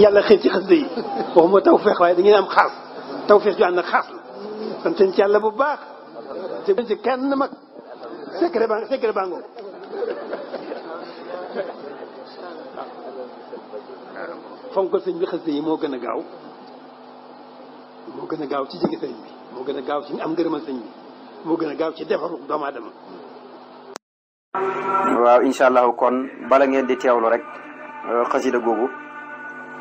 yàlla xëy ci xasida yi waxuma tawfeex waaye da ngeen am xaas tawfeex ju ànd ak xaas la santen ci yàlla bu baax jëgn ci kenn mag secret baa secret baa sëñ bi xasida yi moo gën a gaaw moo gën a gaaw ci jege sëñ bi moo gën a gaaw ci am ngërëmal sëñ bi moo gën a gaaw ci defaru doomu aadama waaw incha allahu kon bala ngeen di teewlu rek xasida googu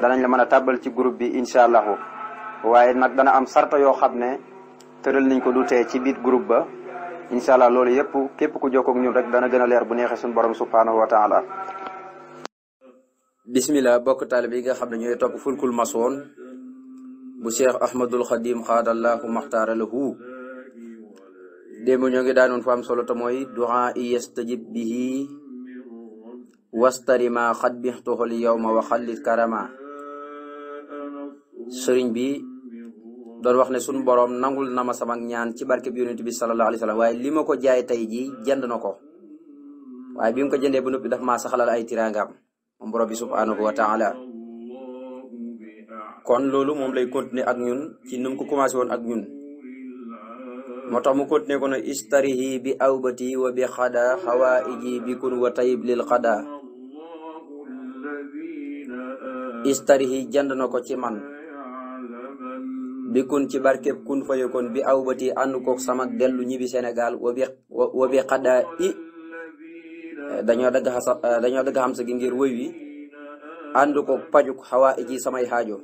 danañ la mën a tàbbal ci groupe bi incha allahu waaye nag dana am sarta yoo xam ne tëral nañ ko du tee ci biir groupe ba incha allah loolu yëpp képp ku jokkoog ñu rek dana gën a leer bu neexee suñu borom subhaanahu wa taala bismillah bokk taalib yi nga xam ne ñooy topp fulkul masoon bu cheikh ahmadul xadim xaadallahu maxtaaralahu démb ñoo ngi daanoon fa am solo te mooy du'a yastajib bihi wastarima xad bixtuxul yowma wa xallit karama sëriñ bi doon wax ne sunu boroom nangul na ma sama ñaan ci barke bi sallallahu alayhi wa sallam waaye li ko jaay tey jii jënd na ko waaye bi mu ko jëndee ba noppi daf maa saxalal ay tiraangaam moom borom bi subhanahu wa taala kon loolu moom lay continuer ak ñun ci nu mu ko commencé woon ak ñun moo tax mu continuer ko ne bi awbati wa bi xada xawaiji bi kun wa tayib lil xada istarihi jënd na ko ci man bi kun ci barkeb kun fayakun bi aw bati ànd koog samak dellu ñibbi senegal wa bi wa i dañoo dagg xasa dañoo dagg xam sa gi ngir wëy wi ànd koog pajuk xawaa i ci samay xaajo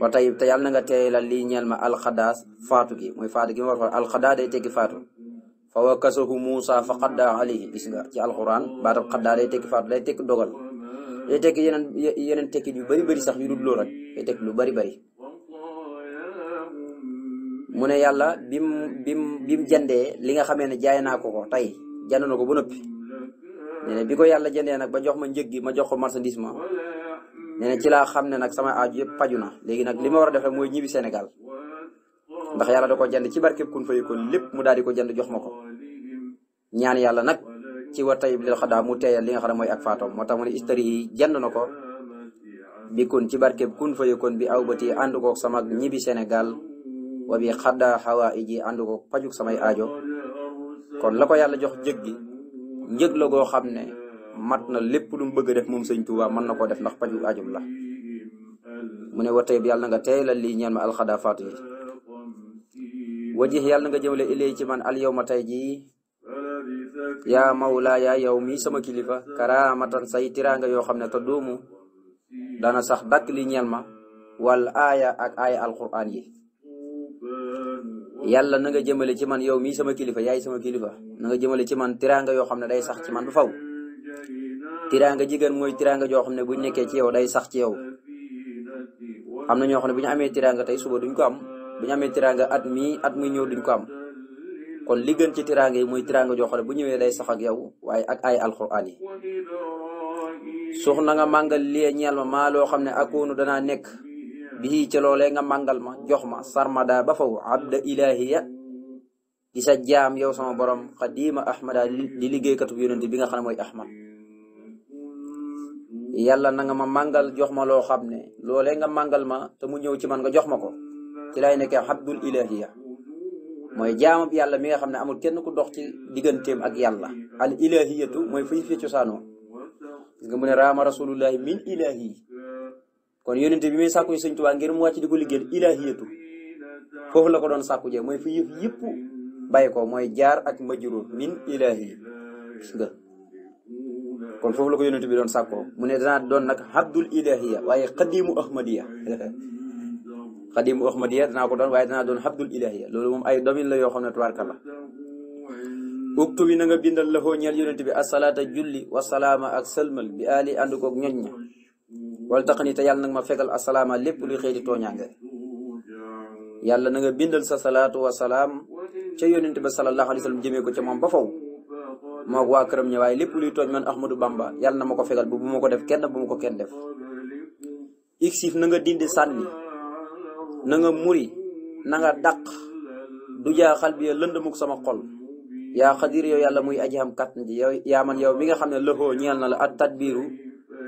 wa tey te yàlla na nga teelal lii ñeel ma alxadaas faatu gi mooy faatu gi ma war fa alxadaa day tekki faatu fa wakasahu Muusa fa xaddaa alayhi gis nga ci alquran baatab xaddaa day tekki faatu day tekki dogal day tekki yeneen yeneen tekki yu bëri bari sax yu dul lool rek day tekki lu bari bëri mu ne yàlla bim bim bim jëndee li nga xamee ne jaay naa ko ko tey jënd na ko ba noppi nee bi ko yàlla jëndee nag ba jox ma njëg ma jox ko marchandise ma nee ci laa xam ne nag sama aaju yëpp paju na léegi nag li ma war a defee mooy ñibbi senegal ndax yàlla da ko jënd ci barke kun fayakun lépp mu daal di ko jënd jox ma ko ñaan yàlla nag ci wa tayib lil xadaa mu teeyal li nga xam ne mooy ak faatoom moo tax mu ne istari yi jënd na ko bi kun ci barkeb kun fayakun bi aw bati ànd koog sama ñibbi Sénégal wa bi xaddaa xawaa iji ànd ko pajuk samay aajo kon la ko yàlla jox jëg gi njëg la goo xam ne mat na lépp lu mu bëgg a def moom sëñ Tuubaa mën na koo def ndax pajuk aajum la mu ne wa yàlla na nga teelal lii ñeen ma alxada faatu yi wajix yàlla nga jëmale ilay ci man al yow ma tey jii yaa mawlaa yaa yow mii sama kilifa karaamatan say tiraanga yoo xam ne te doomu dana sax dakk li ñeel ma wal aaya ak yi yàlla na nga jëmale ci man yow mii sama kilifa yaay sama kilifa na nga jëmale ci man tiraanga yoo xam ne day sax ci man bu faw tiraanga jigéen mooy tiraanga joo xam ne buñ nekkee ci yow day sax ci yow am na xam ne bu ñu amee tiraanga tey suba duñ ko am bu ñu at mii at muy ñëw duñ ko am kon li gën ci tiraanga yi mooy tiraanga joo xam bu ñëwee day sax ak yow waaye ak ay alxuraan yi suux na nga màngal li ñeel ma maa xam ne akoonu danaa nekk bii ca loolee nga màngal ma jox ma sarmada ba faw abda ilahiya di sa jaam yow sama borom xadima ahmada di liggéeykatub yonent bi nga xam ne mooy ahmad yàlla na nga ma màngal jox ma loo xam ne loolee nga màngal ma te mu ñëw ci man nga jox ma ko ci lay nekkee abdul ilahiya mooy jaamab yàlla mi nga xam ne amul kenn ku dox ci digganteem ak yàlla al ilahiyatu mooy fay fi cosaanoo gis nga raama rasulullahi min ilahi kon yónnente bi muy sàkku yi sëñ ngir mu wàcc di ko liggéeyal ilaahiyatu foofu la ko doon sàkku jee mooy fi yëf yëpp ko mooy jaar ak majruur min ilaahi nga kon foofu la ko yónnente bi doon sàkkoo mu ne danaa doon nag abdul ilaahiya waaye xadimu ahmadiya xadimu ahmadiya danaa ko doon waaye danaa doon abdul ilaahiya loolu moom ay domaine la yoo xam ne tubaarkalla uktu bi na nga bindal la foo ñeel yónnente bi asalaata julli wasalaama ak sëlmal bi ali ànd koog ñoñ wala tax nii te yàlla nag ma fegal asalaama lépp luy xeeti tooñaange yàlla na nga bindal sa salaatu wa salaam ca yónent ba sallallahu alayhi wa sallam ko ca moom ba faw moo ko waa këram ñi waaye lépp luy tooñ man Ahmadou Bamba yàlla na ma ko fegal bu bu ma ko def kenn bu ma ko kenn def xif na nga dindi sànni na nga muri na nga dàq du jaaxal bi lëndamuk sama xol yaa xadir yow yàlla muy aji am kàttan ji yow yaa man yow mi nga xam ne lëxoo ñeel la at tadbiiru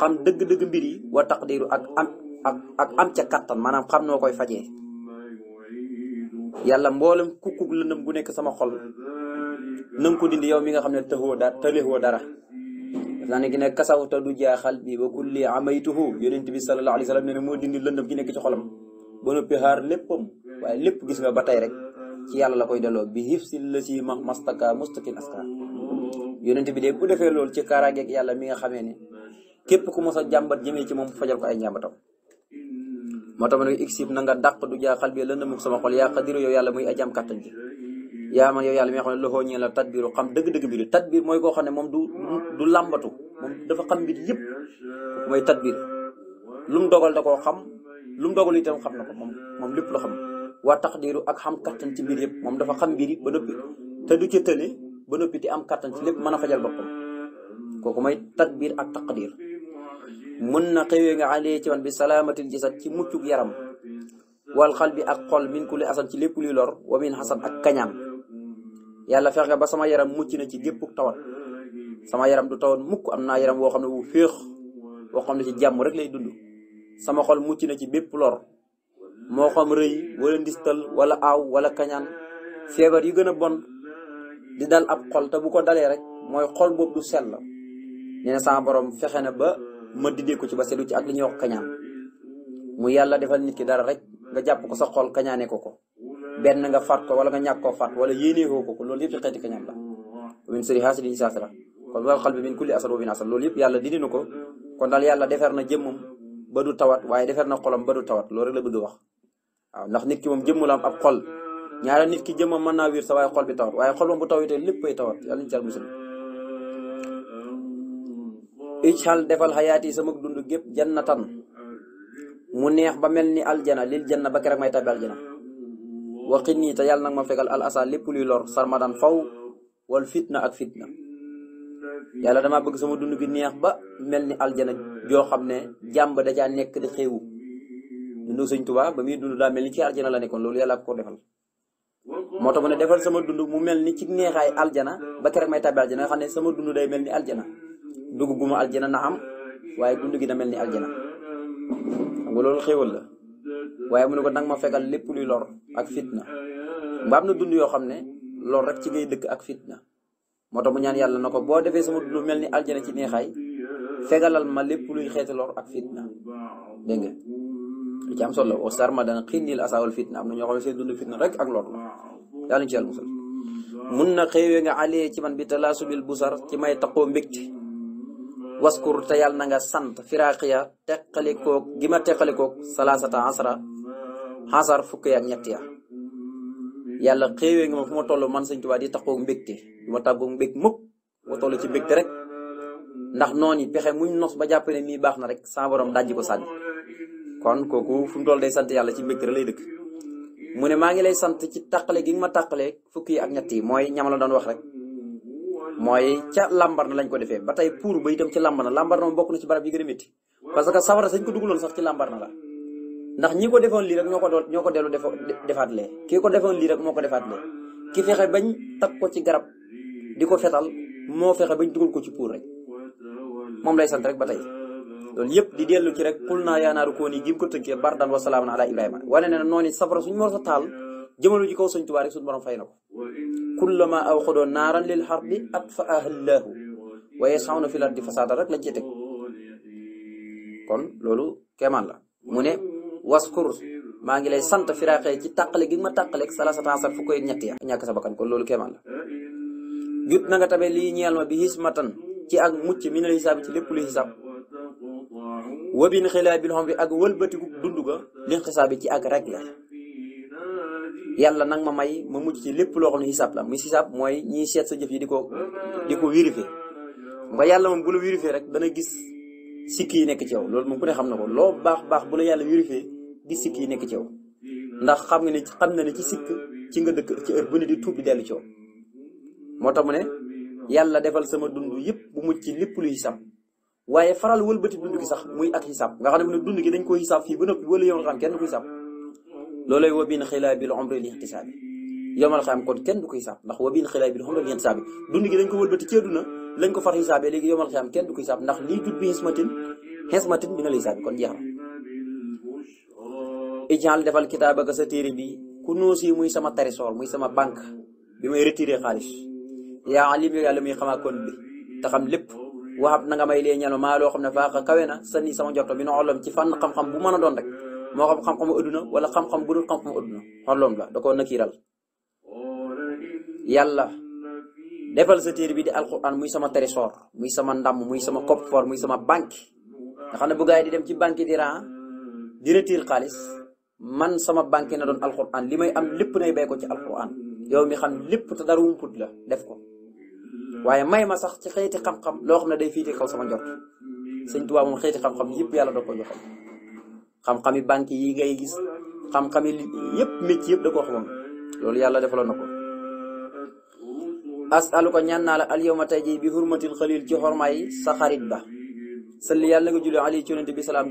xam dëgg-dëgg mbir yi wa taqdiru ak am ak am ca kattan maanaam xam noo koy fajee yàlla mboolem kukkuk lëndëm gu nekk sama xol na nga ko dindi yow mi nga xam ne taxoo da tëlexoo dara daf naa ne gi ne kasawta du jaaxal bi ba kulli amaytuhu yonent bi sallallahu alayhi wa sallam moo dindi lëndëm gi nekk ci xolam ba noppi xaar léppam waaye lépp gis nga ba tey rek ci yàlla la koy delloo bi hif si la ma mastaka mustakin askar yonent bi de bu defee loolu ci kaaraangeeg yàlla mi nga xamee ne képp ku mos a jàmbat jëmee ci moom fajal ko ay njàmbatam moo tax ma ne xib na nga dàq du jaaxal bi lan la mukk sama xol yaa xadiru yow yàlla muy ajaam kàttan ji yaa man yow yàlla mi nga xam ne loxoo ñeel la tadbiru xam dëgg-dëgg mbir yi tadbir mooy koo xam ne moom du du làmbatu moom dafa xam mbir yëpp mooy tadbir lu mu dogal da koo xam lu mu dogal itam xam na ko moom moom lépp la xam waa taxdiru ak xam kàttan ci mbir yëpp moom dafa xam mbir ba noppi te du ca tële ba noppi te am kàttan ci lépp mën a fajal boppam kooku mooy tadbir ak taqdir mën na xewee nga alee ci bi salaamatil jasad ci muccug yaram wal xal bi ak xol min kulli asan ci lépp luy lor wa min xasan ak kañaan yàlla fex nga ba sama yaram mucc na ci gépp tawat sama yaram du tawat mukk am naa yaram woo xam ne wu féex woo xam ci jàmm rek lay dund sama xol mucc na ci bépp lor moo xam rëy wala ndistal wala aaw wala kañaan feebar yu gën a bon di dal ab xol te bu ko dalee rek mooy xol boobu du sell nee na sama borom fexe na ba ma di dee ko ci ba sedu ci ak li ñuy wax kañaan mu yàlla defal nit ki dara rek nga jàpp ko sa xol kañaane ko ko benn nga faat ko wala nga ñàkk koo faat wala yéenee ko ko loolu yëpp ci xeeti kañaan la min sëri xaasidi saasira kon wal xalbi min kulli asad wa min loolu yëpp yàlla dindi na ko kon daal yàlla defar na jëmmam ba du tawat waaye defar na xolam ba du tawat loolu rek la bëgg wax waaw ndax nit ki moom jëmm la am ab xol a nit ki jëmmam mën naa wér sa waaye xol bi tawat waaye xol moom bu tawatee léppay tawat yàlla ñu ci musal ijxal defal xayaati sama dund gépp jannatan mu neex ba mel ni aljana lil janna ba keroog may tabbi aljana nii te yàlla nag ma fegal al asa lépp luy lor sarmadan faw wal fitna ak fitna yàlla damaa bëgg sama dund gi neex ba mel ni aljana joo xam ne jàmb da nekk di xéewu dundu sëñ Tuubaa daa mel ni ci aljana la nekkoon loolu yàlla sama dund mu mel ni ci neexaay aljana ba keroog may tabbi aljana xam ne sama dund day mel ni aljana dugguma aljana na am waaye dund gi na mel ni aljana xam nga loolu la waaye mu ne ko nanga ma fegal lépp luy lor ak fitna ba am na dund yoo xam ne lor rek ci ngay dëkk ak fitna moo tax mu ñaan yàlla na ko boo defee sama dund mel ni aljana ci neexaay fegalal ma lépp luy xeeti lor ak fitna dégg nga li ci am solo wa sarma dana rek ak lor la yàlla ñu ci yàlla mun na xéewee nga alee ci man bi talaasu bil busar ci may taqoo mbégte waskur te yàlla na nga sant firaaqiya teqalikoog gi ma teqalikoog salaasata asara xasar fukki ak ñett ya yàlla xéewee nga ma fu ma toll man sëñ Tuubaa di taxoog mbégte du ma tàggoog mbég mukk ma toll ci mbégte rek ndax noonu pexe muñ nos ba jàpp ne baax na rek sa borom dajji ko sànni kon kooku fu mu toll day sant yàlla ci mbégte rek lay dëkk mu ne maa ngi lay sant ci tàqale gi nga ma tàqale fukki ak ñett yi mooy ñama la doon wax rek mooy ca lambar lañ ko defee ba tey pour ba itam ci lambar na lambar moom bokk na ci barab yi gën a métti parce que sawara sañ ko dugaloon sax ci lambar na la ndax ñi ko defoon lii rek ñoo ko doon ñoo ko dellu def defaat lee ko defoon lii rek moo ko defaat lee ki fexe bañ tag ko ci garab di ko fetal moo fexe bañ dugal ko ci puur rek moom lay sant rek ba tey loolu yëpp di dellu ci rek kul naa yaanaaru koo nii gi mu ko tënkee bardan wa na ala ibrahima wane ne na noonu safara suñu mor sa taal jëmalu ci kaw sëñ Tuubaa rek suñu borom fay na ko kullama awqadoo naaran lil harbi atfa'aha llaahu wa yas'awna fil ardi fasaadan rek lañ ci teg kon loolu kéemaan la mu ne waskur maa ngi lay sant firaaxee ci tàqale gi ma tàqaleeg salasata asar fukk ak ñett ya ñàkk sa bakkan kon loolu kéemaan la jut na tabe lii ñeel ma bi hismatan ci ak mucc minal hisaab ci lépp lu hisaab wabin xilaabil xom bi ak wëlbatiku dund ga li xisaabi ci ak rek la yàlla nag ma may ma mujj ci lépp loo xam ne xisaab la muy xisaab mooy ñiy seet sa jëf yi di ko di ko vérifié nga yàlla moom bu la vérifié rek dana gis sikk yi nekk ci yow loolu moom ku ne xam na ko loo baax baax bu la yàlla vérifié gis sikk yi nekk ci yow ndax xam nga ne xam na ne ci sikk ci nga dëkk ci heure bu di tuub dellu ci yow moo tax mu ne yàlla defal sama dund yëpp bu mucc ci lépp lu xisaab waaye faral wëlbati dund gi sax muy ak xisaab nga xam ne dund gi dañ ko xisaab fii ba noppi wala yow xam kenn ku xisaab loolay wabin xilaa bil omri li ixtisaabi yomal xaam kon kenn du ko xisaab ndax wabin xilaa bil omri li ixtisaabi dund gi dañ ko wëlbati ci àdduna lañ ko far xisaabee léegi yomal xaam kenn du ko xisaab ndax lii jub bi xismatin xismatin bi na la xisaabi kon jeex na ijaal defal kitaabaka sa téere bi ku noosi muy sama trésor muy sama banque bi may retiré xaalis yaa alim yow yàlla muy xamaa kon bi te xam lépp waxab na nga may lee ñal maa loo xam ne faaxa kawe na sa ni sama jorto bi na olom ci fànn xam bu mën a doon rek moo xam xam-xamu adduna wala xam-xam bu dul xam-xamu adduna xolloom la da koo nakiiral yàlla defal sa téere bi di alquran muy sama trésor muy sama ndam muy sama coffre-fort muy sama banque xam ne bu gars yi di dem ci banque di ran di retirer xaalis man sama banque na doon alquran li may am lépp nay bay ko ci alquran yow mi xam lépp te dara wumput la def ko waaye may ma sax ci xeeti xam-xam loo xam ne day fiiti kaw sama njort sëñ Tuubaa moom xeeti xam-xam ko joxe xam i bank yi ngay gis xam-xami yëpp métier yëpp da koo xamoon loolu yàlla defaloon na ko asaluka ñaan naa la al yawma tey bi hurmatil xalil ci xormaay sa xarit ba sëlli yàlla nga julli ali ci yonente bi salaam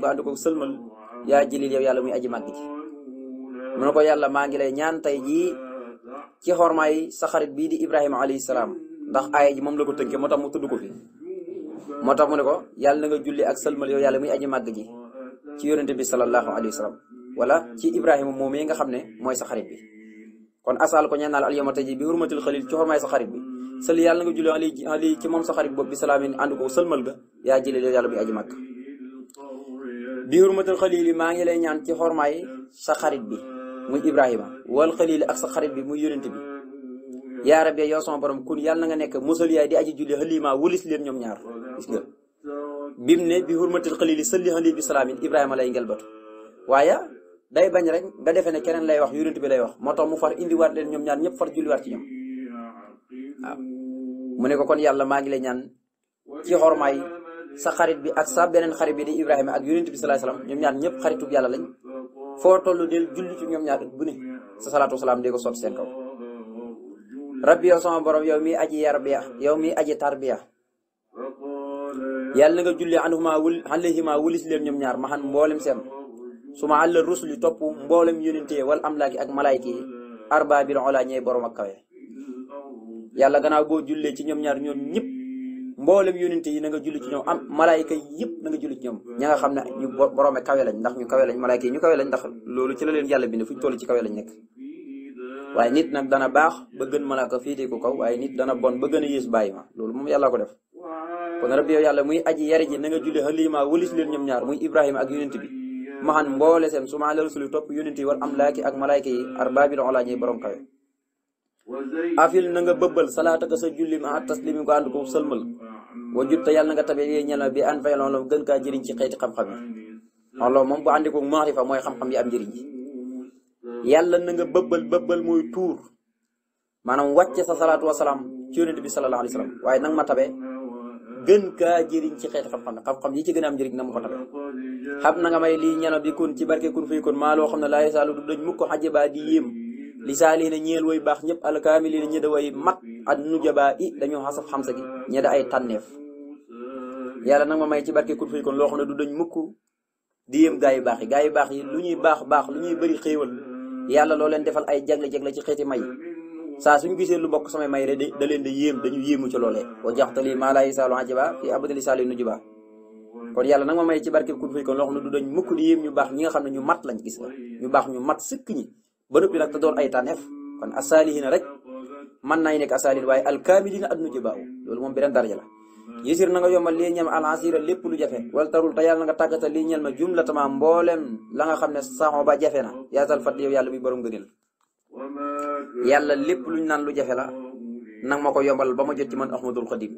yàlla muy aji màgg ji ko yàlla maa ngi lay ñaan tey jii ci xormaay sa xarit bii di ibrahima alayhi salaam ndax aaya ji moom la ko tënke moo tax mu tudd ko fi moo tax mu ne ko yàlla na nga julli ak sëlmal yow yàlla muy aji màgg ji ci yonente bi sallallahu alayhi wa sallam wala ci Ibrahima moomee nga xam ne mooy sa xarit bi kon asal ko ñaanal naa yawma taji bi hurmatil xalil ci xormaay sa xarit bi yàlla nga julli ali ali moom sa xarit boobu bi salaamin ànd ko sëlmal ga yaa jëlee la yàlla bi aji màkk bi hurmatil xalil yi maa ngi lay ñaan ci xormaay sa xarit bi muy Ibrahima wal xalil ak sa xarit bi muy yonente bi yaa rabbi yow sama borom kun yàlla na nga nekk musal yaay di aji julli xalima wulis leen ñoom ñaar gis nga bim ne bi hurmatil xalili salli xalil bi salaamin Ibrahima lay ngelbatu waaye day bañ rek nga defee ne keneen lay wax yonent bi lay wax moo tax mu far indiwaat leen ñoom ñaar ñëpp far julliwaat ci ñoom mu ne ko yàlla maa ngi lay ñaan ci xormaay sa xarit bi ak sa beneen xarit bi di Ibrahima ak yonent bi salaam ñoom ñaar ñëpp xaritub yàlla foo toll del julli ci ñoom ñaar bu ne sa salaatu wasalaam dee ko sotti seen kaw. rabbi yow sama borom yow mi aji yarbiya yow mi aji tarbiya yàlla na nga julli anhuma wul alayhima wulis leen ñoom ñaar maxan mboolem seen suma ma àlla rusuli topp mboolem yonente wal amlaaki ak malaayka yi arba bil ola ñey borom ak kawe yalla gannaaw boo jullee ci ñoom ñaar ñoom ñëpp mboolem yonente yi na nga julli ci ñoom am malaayka yi yëpp na nga julli ci ñoom ña nga xam ne ñu borom ak kawe lañ ndax ñu kawe lañ malaayka ñu kawe lañ ndax loolu ci la leen yàlla bind fu ñu toll ci kawe lañ nekk waaye nit nag dana baax ba gën malaaka féete ko kaw waaye nit dana bon ba gën a yées bàyyi ma loolu moom yàlla ko def kon rabbi yow yàlla muy na nga julli xalimaa walis leen ñoom ñaar muy ibrahima ak yonent bi maxan mboole seen su maa la rasuli topp yonent yi war am laaki ak malayka yi arbaabil olaa ñuy borom kawe afil na nga bëbbal salaataka sa julli ma taslimi ko ànd ko sëlmal wa jub te yàlla na nga tabe yee bi an fay gan gën kaa jëriñ ci xeeti xam-xam yi loolu moom bu àndiko maarifa mooy xam-xam yi am njëriñ ji yàlla na nga bëbbal bëbbal mooy tuur maanaam wàcce sa salaatu wasalaam wa sallam waaye nag ma tabe gën kaa jëriñ ci xeet xam-xam xam-xam yi ci gën a am njëriñ na mu ko xam na nga may lii ñano bi kon ci barke kun fay kun maa loo xam ne laay saalu du dañ mukk xajabaa di yéem li saali na ñeel way baax ñëpp alkaamili na ñe da a mat ak nujabaa i dañoo xa xamsa xam ñe da ay tànneef yàlla nag ma may ci barke kun fay kun loo xam ne du dañ mukk di yéem gaa yu baax yi gaa yu baax yi lu ñuy baax baax lu ñuy bëri xéewal yàlla loo leen defal ay jagle jagle ci xeeti may saa suñ gisee lu bokk samay may de da leen di yéem dañu yéemu ci loolee wa jaxtali maa laa yisaalu ajiba fi abadali saali nujiba kon yàlla nag ma may ci barkeb kun faykoon loo xam ne du dañ mukk di yéem ñu baax ñi nga xam ne ñu mat lañ gis la ñu baax ñu mat sëkk ñi ba noppi nag te doon ay tànneef kon asaalihina rek mën nañ nekk asaalihin waaye alkaamilina ad nujibaa loolu moom beneen daraja la yésir na nga yombal lii ñam alasira lépp lu jafe wala tarul yàlla na nga tàggatal lii ñel ma jumlatama mboolem la nga xam ne saxoo ba jafe na yaatal fat yow yàlla muy borom gënil yàlla lépp luñ naan lu jafe la nang ma ko yombal ba ma jot ci man Ahmadul Xadim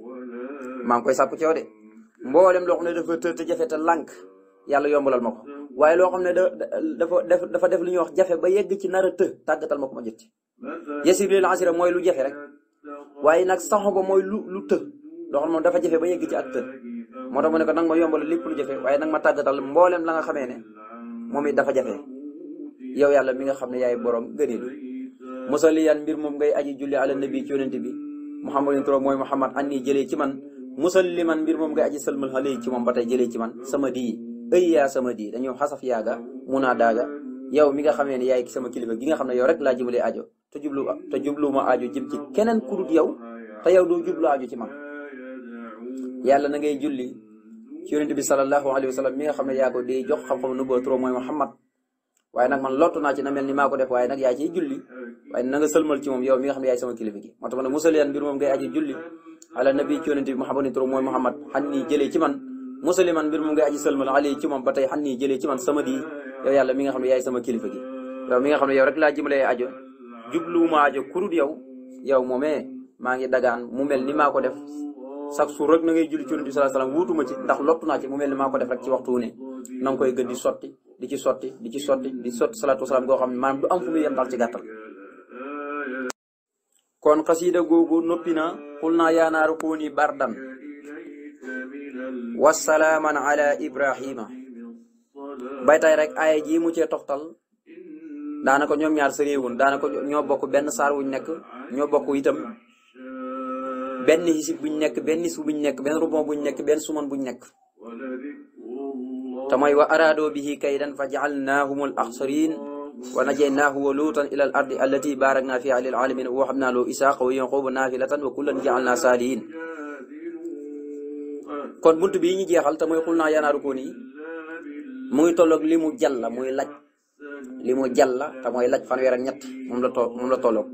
maa ngi koy sàkku ci yow de mboolem loo xam ne dafa të te jafe te lànk yàlla yombalal ma ko waaye loo xam ne da dafa def dafa def lu ñuy wax jafe ba yegg ci nar a të tàggatal ma ko ma jot ci yasir lil asira mooy lu jafe rek waaye nag saxo ba mooy lu lu të loo xam moom dafa jafe ba yegg ci ak të moo tax mu ne ko nag mo yombal lépp lu jafe waaye nag ma tàggatal mboolem la nga xamee ne moom it dafa jafe yow yàlla mi nga xam ne yaay borom gënil musalliyan mbir moom ngay aji julli ala nabi ci yonente bi muhammadin turo mooy muhammad an nii jëlee ci man musalliman mbir moom ngay aji salmal xale ci moom ba tey jëlee ci man sama dii ëy yaa sama dii dañoo xasaf yaaga munaa daaga yow mi nga xamee ne yaay sama kilifa gi nga xam ne yow rek laa jibalee ajo te jublu te jubluuma ajo jëm ci keneen ku dul yow te yow doo jublu ajo ci man yàlla na ngay julli ci yonente bi sallallahu alayhi wa mi nga xam ne yaa ko di jox xam-xam nu waaye nag man lottu naa ci na mel ni maa ko def waaye nag yaa ciy julli waaye na nga sëlmal mi nga xam ne yaay sama kilifa gi moo tax ma ne musaleen mbir moom ngay aji julli ala nabi ci yonente bi muhammadin turu mooy muhammad xan nii jëlee ci man musaliman mbir moom ngay aji sëlmal ali ci moom ba tey xan nii jëlee ci man sama di yow yàlla mi nga xam ne yaay sama kilifa gi yow mi nga xam ne yow rek laa jëmalee ajo jubluwuma ajo kurut yow yow moomee maa ngi dagaan mu mel ni maa ko def chaque jour rek na ngay julli ci yonente bi sallallahu alayhi ci ndax lottu naa ci mu mel ni maa ko def rek ci waxtu wu na koy gën di sotti di ci sotti di ci sotti di sotti salaatu wasalaam goo xam ne maanaam du am fu muy yem daal ci gàttal kon xasiida googu noppi na xul naa yaa naaru kuuni bardan wasalaaman ala ibrahima baytay rek aaya ji mu cee toxtal daanaka ñoom ñaar sëriwun daanaka ñoo bokk benn saar wuñ nekk ñoo bokk itam benn hisib buñ nekk benn su buñ nekk benn rubon buñ nekk benn suman buñ nekk te mooy wa araadoo bihi kaydan fa jaalnaahum al axsarin wa najaynahu wa luutan ila al ardi allati baarakna fiha lil alamin wa wahabna lahu isaaqa wa yaquba naafilatan wa kullan jaalna saalihin kon bunt bii ñu jeexal te mooy xul naa yanaaru koon yi mu ngi tolloog li mu jàll muy laaj li mu jàll te mooy laaj fanweer ñett moom la to la tolloog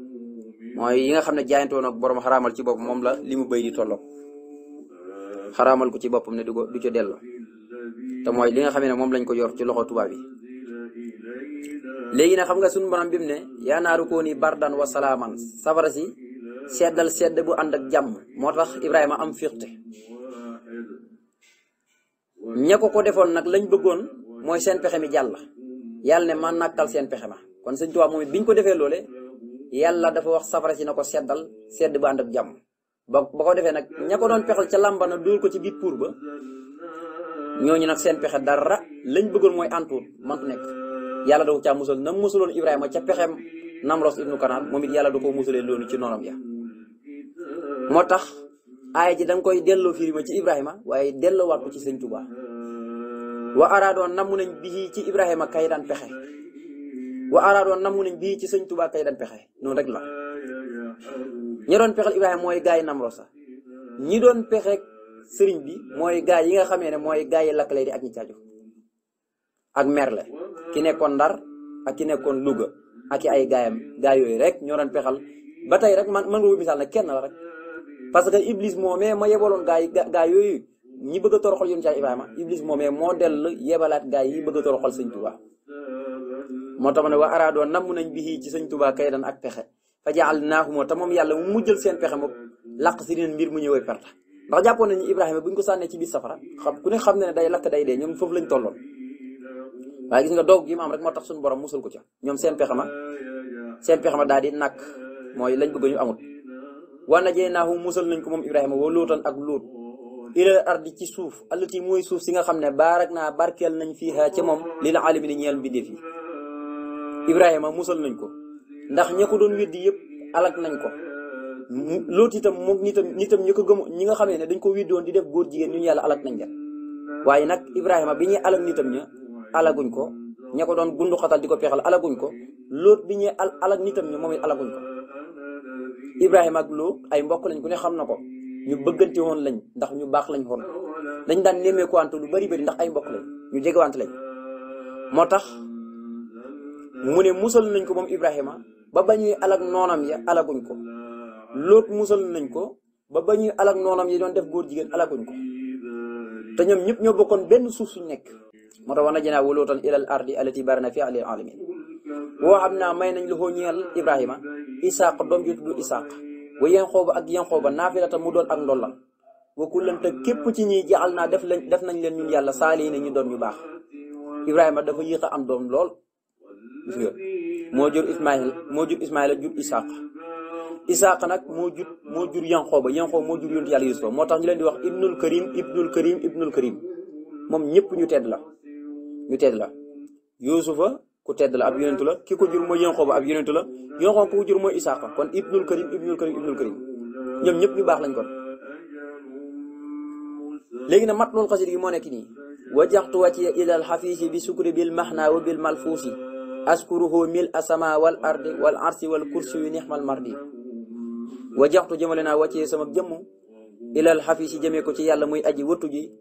mooy yi nga xam ne jaayantoon ak borom xaraamal ci boppam moom la li mu béy di tolloog ko ci boppam ne du ko te mooy li nga xam ne moom lañ ko yor ci loxo tubaab yi léegi nag xam nga suñu borom bi ne yaa naaru koo ni bardan wa salaaman safara si seddal sedd bu ànd ak jàmm moo tax Ibrahima am firte ña ko ko defoon nag lañ bëggoon mooy seen pexe mi jàll yàlla ne ma seen pexe ma kon sëñ tubaab moom biñ ko defee loole yàlla dafa wax safara si na ko seddal sedd ànd ak nag ña ko doon pexal ca làmbana duul ko ci biir puur ba ñooñu nag seen pexe dara lañ bëggoon mooy antuut man nekk yàlla da ko caa musal nam musaloon Ibrahima ca pexem Namros ibnu Kanaan moo it yàlla da koo musalee loolu ci noonam ya moo tax aaya ji da koy delloo firima ci Ibrahima waaye delloowaat ko ci sëñ Tuubaa wa araadoon namu nañ bii ci Ibrahima kay daan pexe wa araadoon namu nañ bii ci sëñ tubaa kay daan pexe noonu rek la ñi pexel Ibrahima mooy gaay Namros ñi doon pexe sëriñ bi mooy gaa yi nga xamee ne mooy gaa yi lakkale di ak ñi caaju ak merle ki nekkoon ndar ak ki nekkoon Louga ak i ay gaayam gaa yooyu rek ñoo doon pexal ba tey rek man man nga misaal nag kenn la rek parce que Iblis moomee ma yebaloon gaa yi gaa yooyu ñi bëgg a toroxal yoon Cheikh Ibrahima Iblis moomee moo dell yebalaat gaa yi bëgg a toroxal sëñ moo tax ma ne wa araadoo namm nañ bi ci sañ tubaa kay dan ak pexe fa jaal naahu moo te moom yàlla mu mujjal seen pexe moom laq si neen mbir mu ñëwee perte. ndax jàppoon nañu Ibrahima bu ñu ko sànnee ci biir safara xam ku ne xam ne ne day lakk day dee ñoom foofu lañ tolloon waaye gis nga doog gi maam rek moo tax suñu borom musul ko ca ñoom seen pexema ma seen pexe ma daal di nàkk mooy lañ bëgg ñu amut war na jee musal nañ ko moom Ibrahima woo lóotan ak lóot ardi ci suuf allati mooy suuf si nga xam ne baarak naa barkeel nañ fii ca moom lil alamin ni ñeel mbindeef yi Ibrahima musal nañ ko ndax ña ko doon weddi yëpp alak nañ ko Luut itam moom nitam nitam ñi ko gëm ñi nga xamee ne dañ ko widdoon di def góor jigéen ñu ñu yàlla alak nañ leen waaye nag Ibrahima bi ñuy alak nitam ña alaguñ ko ña ko doon gundu di ko peexal alaguñ ko Luut bi ñuy al alak nitam ña moom it alaguñ ay mbokk lañ ku ne xam na ko ñu bëggante woon lañ ndax ñu baax lañ woon dañ daan nemmeeku wante lu bari bari ndax ay mbokk lañ ñu jegewante lañ moo tax mu ne musal nañ ko moom Ibrahima ba bañuy alak noonam ya alaguñ ko loot musal nañ ko ba ba ñuy alak noonam yi doon def góor jigéen alakuñ ko te ñoom ñëpp ñoo bokkoon benn suuf suñ nekk moo tax wa najinaa wa lootan ilal ardi allati na fi alil alamin woo xam naa may nañ loxoo ñeel ibrahima isaaq doom ju tudd isaaq wa yanqooba ak yanqooba naafilata mu doon ak ndollal wa kullan te képp ci ñiy jaxal naa def lañ def nañ leen ñun yàlla saali na ñu doon ñu baax ibrahima dafa yéex a am doom lool moo jur ismail moo jur ismaila jur isaaq Isaaq nag moo jur moo jur Yanqooba Yanqoob moo jur yonent yàlla Yuusufa moo tax ñu leen di wax ibnul karim ibnul karim ibnul karim moom ñëpp ñu tedd la ñu tedd la Yuusufa ku tedd la ab yonent la ki ko jur mooy Yanqooba ab yonent la Yanqoob ku jur mooy Isaaq kon ibnul karim ibnul karim ñoom ñëpp ñu baax lañ kon léegi na nag matnul xasida gi moo nekk nii wajaxtu wàcciya ilal xafiisi bi sukri bil maxnaa wa bil malfuusi askuruhu mil asama wal ardi wal arsi wal kursi yu nixmal mardi wa jaxtu jëmale naa wàccee sama jëmm ilal xafi si jëmee ko ci yàlla muy aji wëttu ji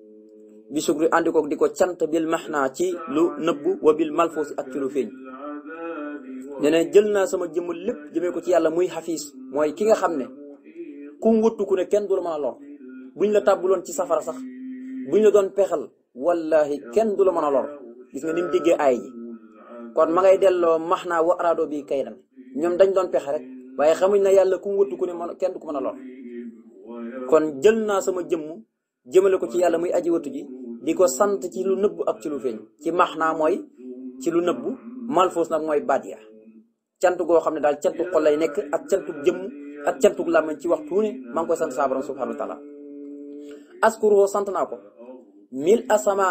bi sukri andi di ko cant bil max naa ci lu nëbbu wa bil malfoosi ak ci lu feeñ nee na jël naa sama jëmm lépp jëmee ko ci yàlla muy xafiis mooy ki nga xam ne ku mu ku ne kenn du la mën a lor buñ la tàbbuloon ci safara sax buñ la doon pexel wallahi kenn du la mën a lor gis nga nim mu déggee kon ma ngay delloo max naa wa araado bi kay ñoom dañ doon pexe waaye xamuñ na yàlla ku mu wëddu ku ne mën kenn du ko mën a lor kon jël naa sama jëmm jëmale ko ci yàlla muy aji wëttu ji di ko sant ci lu nëbb ak ci lu feeñ ci max naa mooy ci lu nëbb malfos nag mooy baat ya cant goo xam ne daal cantu nekk ak cantu jëmm ak cantu làmmiñ ci waxtu ne maa ngi koy sant saa borom subhanahu wa taala sant naa ko mil asama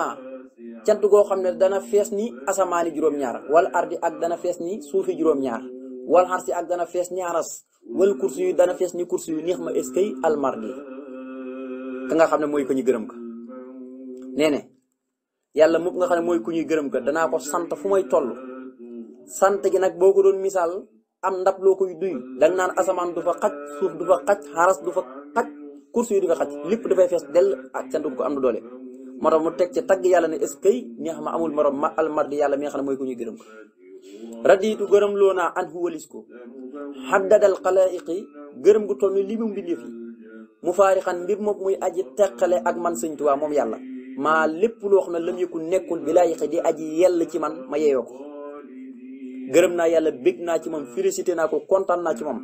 cant goo xam ne dana fees ni asamaani juróom-ñaar wala ardi ak dana fees ni suufi juróom-ñaar wal xar si ak dana fees ni aras wal kursi yu dana fees ni kursi yu neex ma est-ce que almardi ka nga xam ne mooy ko ñu gërëm ka nee ne yàlla moom nga xam ne mooy ku ñuy gërëm ka danaa ko sant fu may toll sant gi nag boo ko doon misaal am ndab loo koy duy danga naan asamaan du fa xaj suuf du fa xaj xaras du fa xaj kursi yu du fa xaj lépp dafay fees dell ak sant ko am na doole moo tax mu teg ci tagg yàlla ne est-ce neex ma amul morom ma almardi yàlla mi nga xam ne mooy ku ñuy gërëm ka radiitu gërëm loo naa an hu walis ko xaddadal xalaayiqi gërëm gu toll ni li mu mbindeef yi mu faarixan mbir moom muy aj teqale ak man sëñtuwaa Tuubaa moom yàlla maa lépp loo xam ne lam yëkku nekkul bi laa yëqi di aji yell ci man ma yeyoo ko gërëm naa yàlla bég naa ci moom félicité naa ko kontaan naa ci moom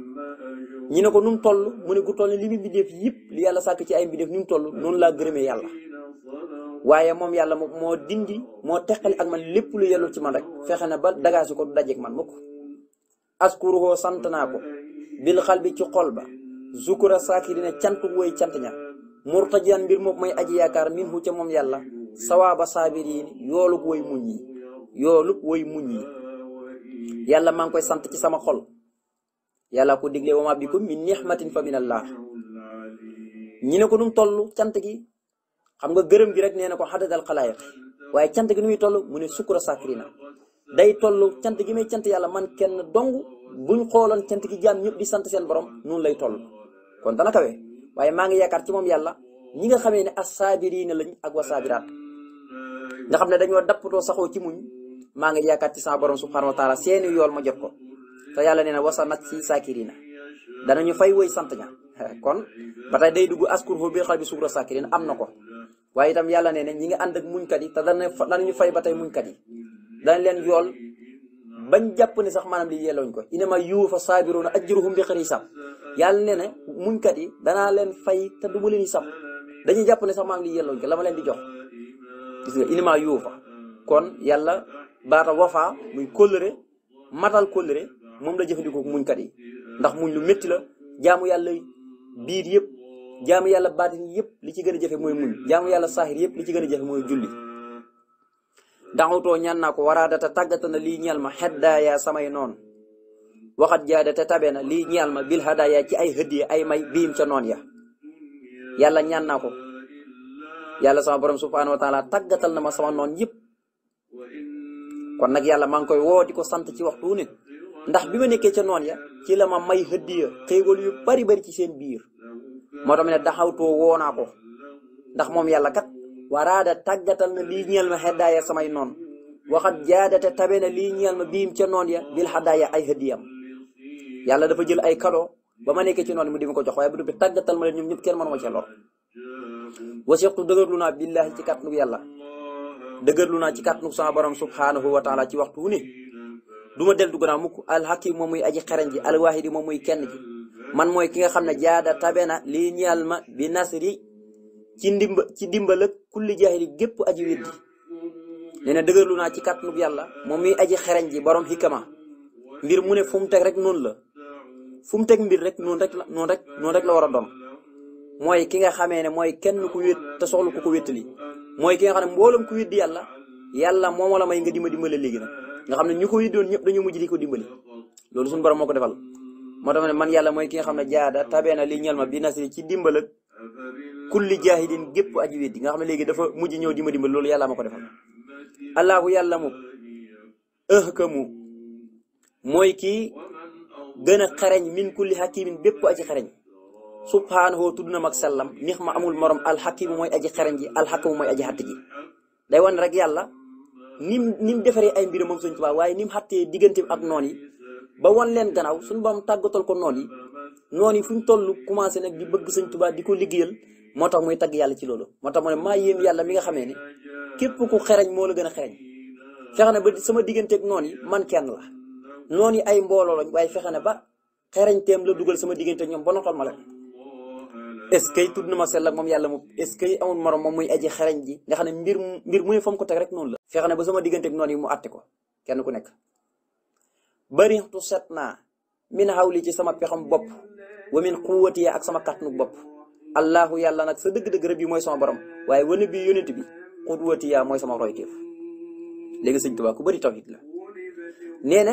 ñi ne ko nu mu toll mu ne gu toll ni li mu mbindeef yëpp li yàlla sàkk ci ay mbindeef ni mu toll noonu laa gërëmee yàlla waaye moom yàlla moo dindi moo teqali ak man lépp lu yellu ci man rek fexe na ba dagaasu ko du dajeeg man mukk askuruhoo sant naa ko bil xal bi ci xol ba a zukura saakirina cant woy cant ña mur murtajian mbir moom may aji yaakaar min hu ca moom yàlla sawaaba saabir yi yoolub woy muñ yi yoolub woy mu yi yàlla maa ngi koy sant ci sama xol yàlla ko digle wama bikum min nixmatin fa min allah ñi ne ko num toll cant gi xam nga gërëm gi rek nee na ko xadadal xalaayiq waaye cant gi nu muy toll mu ne sukkura sakrina day tollu cant gi may cant yàlla man kenn dong buñ xooloon cant gi jaam ñëpp sant seen borom noonu lay toll kon dana kawe waaye maa ngi yaakaar ci moom yàlla ñi nga xamee ne asaabiriina lañ ak wa saabiraat nga xam ne dañoo dappatoo saxoo ci muñ maa ngi yaakaar ci sa borom subhanahu wa taala seeni yool ma jot ko yàlla nee na wasa nag si saakirina danañu fay woy sant ña kon ba tey day dugg askur fo bi xal bi sukkura saakirina am na ko waaye tam yàlla nee ñi nga ànd ak muñkat yi te ñu fay ba tey muñkat yi danañ leen yool bañ jàpp ne sax maanaam li yellooñ ko inama yuufa saabiruna ajruhum bi xëri sax yàlla nee na muñkat yi danaa leen fay te du ma leen sab dañuy jàpp ne sax maanaam li yellooñ ko la leen di jox gis nga inama yuufa kon yàlla baata wafa muy kóllëre matal kóllëre moom la jëfandikoo muñkat yi ndax muñ lu métti la jaamu yàlla biir yëpp jaamu yàlla baatin yëpp li ci gën a jafe mooy muñ jaamu yàlla saaxir yëpp li ci gën a jafe mooy julli daxutoo ñaan naa ko waraadata tàggata na lii ñeel ma xeddaaya samay noonu waxat jaada te tabe na lii ñeel ma bil hadaaya ci ay hëddiye ay may biim ca noon ya yàlla ñaan naa ko yàlla sama borom subhaanahu wa tàggatal na ma sama noon yëpp kon nag yàlla maa ngi koy woo di ko sant ci waxtu ne ndax bi ma nekkee ca noon ya ci la ma may hëddiya xéewal yu bari bari ci seen biir moo tax mu ne woo naa ko ndax moom yàlla kat waraada tàggatal na lii ñeel ma xeddaaya samay noon waxat te tabe na lii ñeel ma biim ca noon ya bil xaddaaya ay hëdiyam yàlla dafa jël ay kado ba ma nekke ci noon mu di ma ko jox waaye bu duppi tàggatal ma leen ñoom ñëpp kenn mënu ma cee lor wasiqtu dëgërlu naa billahi ci kàttanu yàlla dëgërlu naa ci kàttanu sama borom subhaanahu wa taala ci waxtu wu ne du ma dellu gannaaw mukk alxakim moom muy aji xereñ ji alwaahidi moom muy kenn man mooy ki nga xam ne jaada tabe na lii ñeel ma bi nasri ci ndimba ci dimbal ku kulli jaahili gépp aji weddi nee na dëgërlu naa ci kàttanug yàlla moom miy aji xereñ ji borom xikama mbir mu ne fu mu teg rek noonu la fu mu teg mbir rek noonu rek la noonu rek noonu rek la war a doon mooy ki nga xamee ne mooy kenn ku wét te soxlu ku ko wéttali mooy ki nga xam ne mboolem ku weddi yàlla yàlla moo la may nga dima dimbale léegi nag nga xam ne ñu ko weddoon ñëpp dañoo mujj di ko dimbali loolu moo ko defal moo tax man yàlla mooy ki nga xam ne jaada tabee na li ñel ma bi nasri ci dimbal ak kulli jaahidin gépp aji weddi nga xam ne léegi dafa mujj ñëw di ma dimbal loolu yàlla ma ko defal allahu yàlla mu ahkamu mooy kii gën a xarañ min kulli hakimin bépp aji xarañ subhaanahu tudd na mag sellam nix ma amul morom alxakimu mooy aji xarañ ji alxakamu mooy aji xatt ji day wan rek yàlla nim nim defaree ay mbiram moom Sëñ Tuubaa waaye nim xattee digganteem ak noon ba wan leen gannaaw suñu borom tàggatal ko noon yi noon yi fu mu toll commencé nag di bëgg sëñ Tuubaa di ko liggéeyal moo tax muy tagg yàlla ci loolu moo tax mu ne maa yéem yàlla mi ne képp ku xereñ moo la gën a xereñ fexe na ba sama digganteeg noon man kenn la noon yi ay mbooloo lañ waaye fexe na ba xereñ teem la dugal sama digganteeg ñoom ba noxal ma la est ce que tudd na ma sell ak moom yàlla moom est ce que amul morom moom muy aji xereñ ji nga xam ne mbir mbir mu ne fa ko teg rek noonu la fexe na ba sama digganteeg noon yi mu àtte ko kenn ku nekk bari barixtu set naa min li ci sama pexam bopp wa min quwwati ak sama kàttanu bopp allahu yàlla nag sa dëgg-dëgg rëbb yi mooy sama borom waaye wane bi yonent bi xudwati yaa mooy sama royteef léegi sëñ Tuubaa ku bëri tawhid na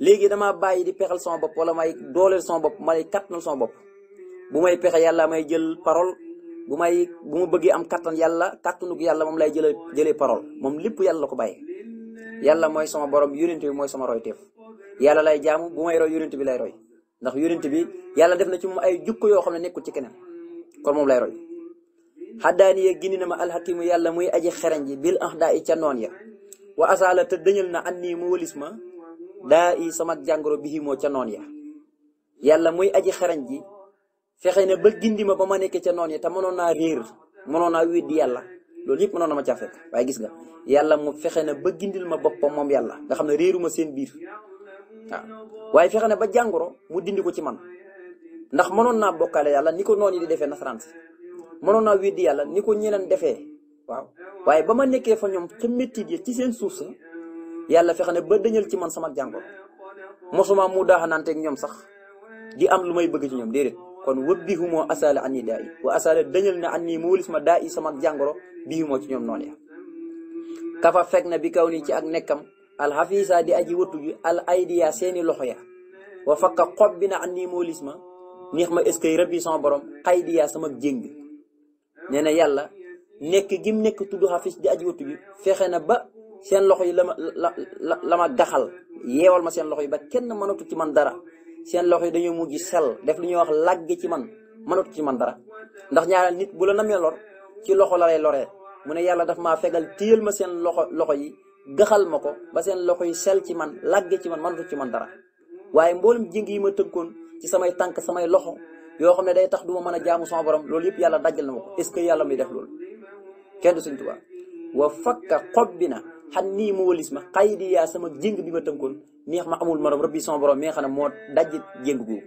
léegi damaa bàyyi di pexal sama bopp wala may dooleel sama bopp may kattanal sama bopp bu may pexe yàlla may jël parole bu may bu ma bëggee am kattan yàlla kattanug yàlla moom lay jëlee jëlee parole moom lépp yàlla la ko bàyyee yàlla mooy sama borom yonent bi mooy sama roy teef yàlla lay jaamu bu may roy yonent bi lay roy ndax yonent bi yàlla def na ci moom ay jukko yoo xam ne nekkul ci keneen kon moom lay roy xaddaaniya gindi na ma alxakimu yàlla muy aji xereñ ji bil ax daa i ca noon ya wa asaala te dëñal na an nii mu ma daa i sama jàngoro bi moo ca noon ya yàlla muy aji xereñ ji fexe ba gindi ma ba ma nekkee ca noon ya ta mënoon naa réer mënoon naa weddi yàlla loolu yëpp mënoon na ma caa waaye gis nga yàlla mu fexe na ba gindil ma boppam moom yàlla nga xam ne réeru ma seen biir waaye fexe na ba jàngoro mu dindi ko ci man ndax mënoon naa bokkaale yàlla ni ko noonu di defee nasaraan si mënoon naa weddi yàlla ni ko ñeneen defee waaw waaye ba ma nekkee fa ñoom ca métti ya ci seen suuf sa yàlla fexe na ba dañal ci man sama jàngoro mosuma mu daaxananteeg ñoom sax di am lu may bëgg ci ñoom déedéet. kon wëbbi humoo asaala an ni daa yi wa asaala dañal na an nii mu wulis ma daa yi sama jàngoro bii humoo ci ñoom noonu ya kafa fekk na bi kaw nii ci ak nekkam alxafiisa di aji wëttu ji al aydiya seeni loxo ya wa fakka xob bi na an nii mu wulis ma neex ma est-ce que sama borom xaydiya sama jéng nee yàlla nekk gim nekk tudd xafis di aji wëttu ji fexe na ba seen loxo yi la ma la la ma gaxal yeewal ma seen loxo yi ba kenn mënatu ci man dara seen loxo yi dañoo mujj sel def lu ñuy wax laggee ci man mënut ci man dara ndax ñaareel nit bu la namee lor ci loxo la lay loree mu ne yàlla daf maa fegal téyel ma seen loxo loxo yi gaxal ma ko ba seen loxo yi sel ci man lagge ci man mënut ci man dara waaye mboolem jéng yi ma tënkoon ci samay tànk samay loxo yoo xam ne day tax du ma mën a jaamu sama borom loolu yëpp yàlla dajal na ma ko est ce que yàlla muy def loolu kenn du suñ wa fakka xob bi na xan nii mu walis ma xayi sama jéng bi ma tënkoon neex ma amul morom rabbi son borom mi nga xam ne moo daj jéng googu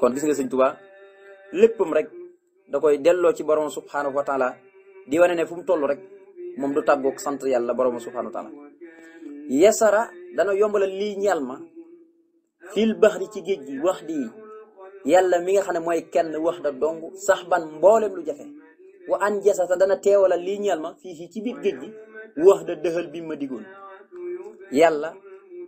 kon gis nga sëñ Tuubaa léppam rek da koy delloo ci borom subhaanahu wa taala di wane ne fu mu toll rek moom du tàggoog sant yàlla borom subhaanahu wa taala yesara dana yombalal lii ñeel ma fil baxri ci géej gi wax di yàlla mi nga xam ne mooy kenn wax da dong sax ban mboolem lu jafe wa an jasata dana teewalal lii ñeel ma fii fii ci biir géej wax da dëxal bi ma digoon yàlla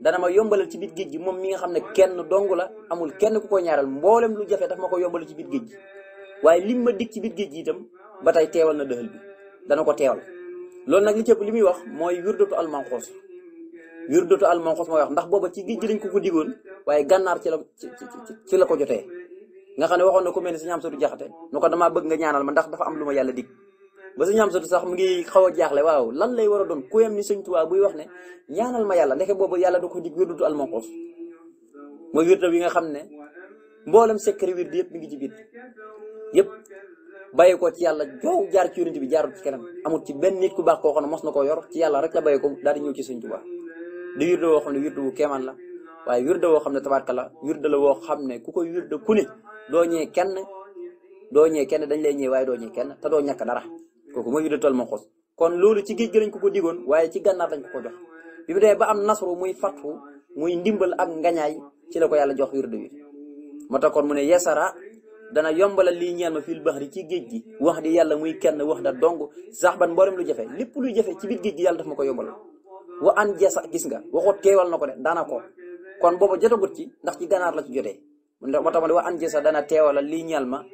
dana ma yombalal ci biir géej gi moom mi nga xam ne kenn dong la amul kenn ku ko ñaaral mboolem lu jafe daf ma ko yombalal ci biir géej gi waaye lim ma dig ci biir géej gi ba tey teewal na dëxal bi dana ko teewal loolu nag li cëpp li muy wax mooy wirdatu almanxoos wirdatu almanxoos mooy wax ndax booba ci géej gi lañ ko ko digoon waaye gànnaar ci la ci la ko jotee nga xam ne waxoon na ko mel ni si ñaam satu jaxate nu ko damaa bëgg nga ñaanal ma ndax dafa lu ma yàlla dig ba sëñ Amsatu sax mu ngi xaw a jaaxle waaw lan lay war a doon ku yem ni sëñ buy wax ne ñaanal ma yàlla ndeke boobu yàlla da ko dig wirdutu almanqoos mooy wirdu yi nga xam ne mboolem secret wirdu yëpp mi ngi ci biir yëpp bàyyi ko ci yàlla joow jaar ci yonent bi jaarul ci keneen amul ci benn nit ku baax koo xam ne mos na ko yor ci yàlla rek la bàyyi ko daal di ñëw ci sëñ Tuubaa di wirdu woo xam ne wirdu wu keemaan la waaye wirdu woo xam ne tabaaraka la wirdu la woo xam ne ku koy wirdu ku ne doo ñee kenn doo ñee kenn dañ lay ñee waaye doo ñee kenn te ñàkk dara kooku mooy yudatal ma xos kon loolu ci géej gi lañ ko ko digoon waaye ci gànnaar lañ ko ko jox bi mu demee ba am nasru muy fattu muy ndimbal ak ngañaay ci la ko yàlla jox wirdu wi moo tax kon mu ne yesara dana yombalal lii ñeel ma fil baxri ci géej gi wax di yàlla muy kenn wax da dong sax ban mboolem lu jafe lépp luy jafe ci biir géej yàlla daf ma ko yombalal wa an jesa gis nga waxut teewal na ko de daana ko kon boobu jotagut ci ndax ci gànnaar la ci jotee moo tax ma ne wa an jesa dana teewalal lii ñeel ma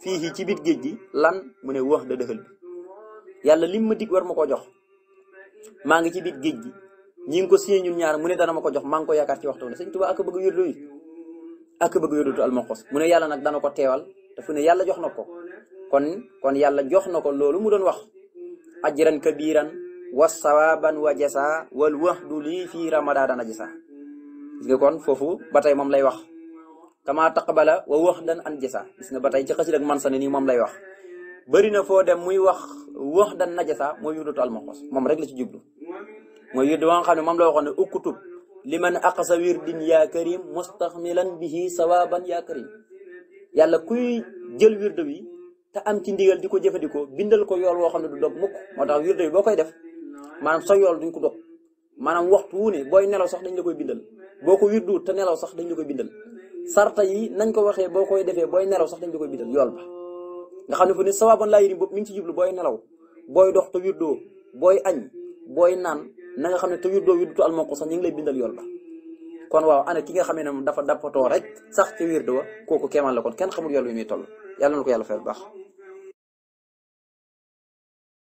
fii ci biir géej gi lan mu ne wax da dëxal bi yàlla lim ma dig war ma ko jox maa ngi ci biir géej gi ñi ngi ko signé ñaar mu ne dana ma ko jox maa ngi ko yaakaar ci waxtu ne sëñ Tuubaa ak bëgg yóddu yi ak bëgg yóddutu almanqos mu ne yàlla nag dana ko teewal te fu ne yàlla jox na ko kon kon yàlla jox na ko loolu mu doon wax ajran kabiran wa sawaban wa jasa wal wax waxdu lii fii ramadana jasa gis nga kon foofu ba tey moom lay wax kama taqbala wa waxdan an jasa gis nga ba tey ci xasid man sa ne nii moom lay wax bëri na foo dem muy wax wax dan najasa mooy wirdatu almaxos moom rek la ci jublu mooy wirdu wa nga xam ne moom la waxoon ne ukkutub liman aqasa wirdin yaa karim mustaxmilan bihi sawaban yaa karim yàlla kuy jël wirdu wi te am ci ndigal di ko jëfandikoo bindal ko yool woo xam ne du dog mukk moo tax wirdu wi boo koy def maanaam sa yool duñ ko dog maanaam waxtu wu booy nelaw sax dañ la koy bindal boo ko wirdu te nelaw sax dañ la koy bindal sarta yi nañ ko waxee boo koy defee booy nelaw sax dañ la koy bindal yool nga xam ne fu ne sawaabon laa yërim bopp mi ngi jublu booy nelaw booy dox te doo booy añ booy naan na nga xam ne te wirdoo wirdutu almanqu sax ñu ngi lay bindal yoon ba kon waaw ana ki nga xamee ne moom dafa dappatoo rek sax ci wirdu wa kooku kéemaan la kon kenn xamul yoon bi muy toll yàlla na ko yàlla fayal baax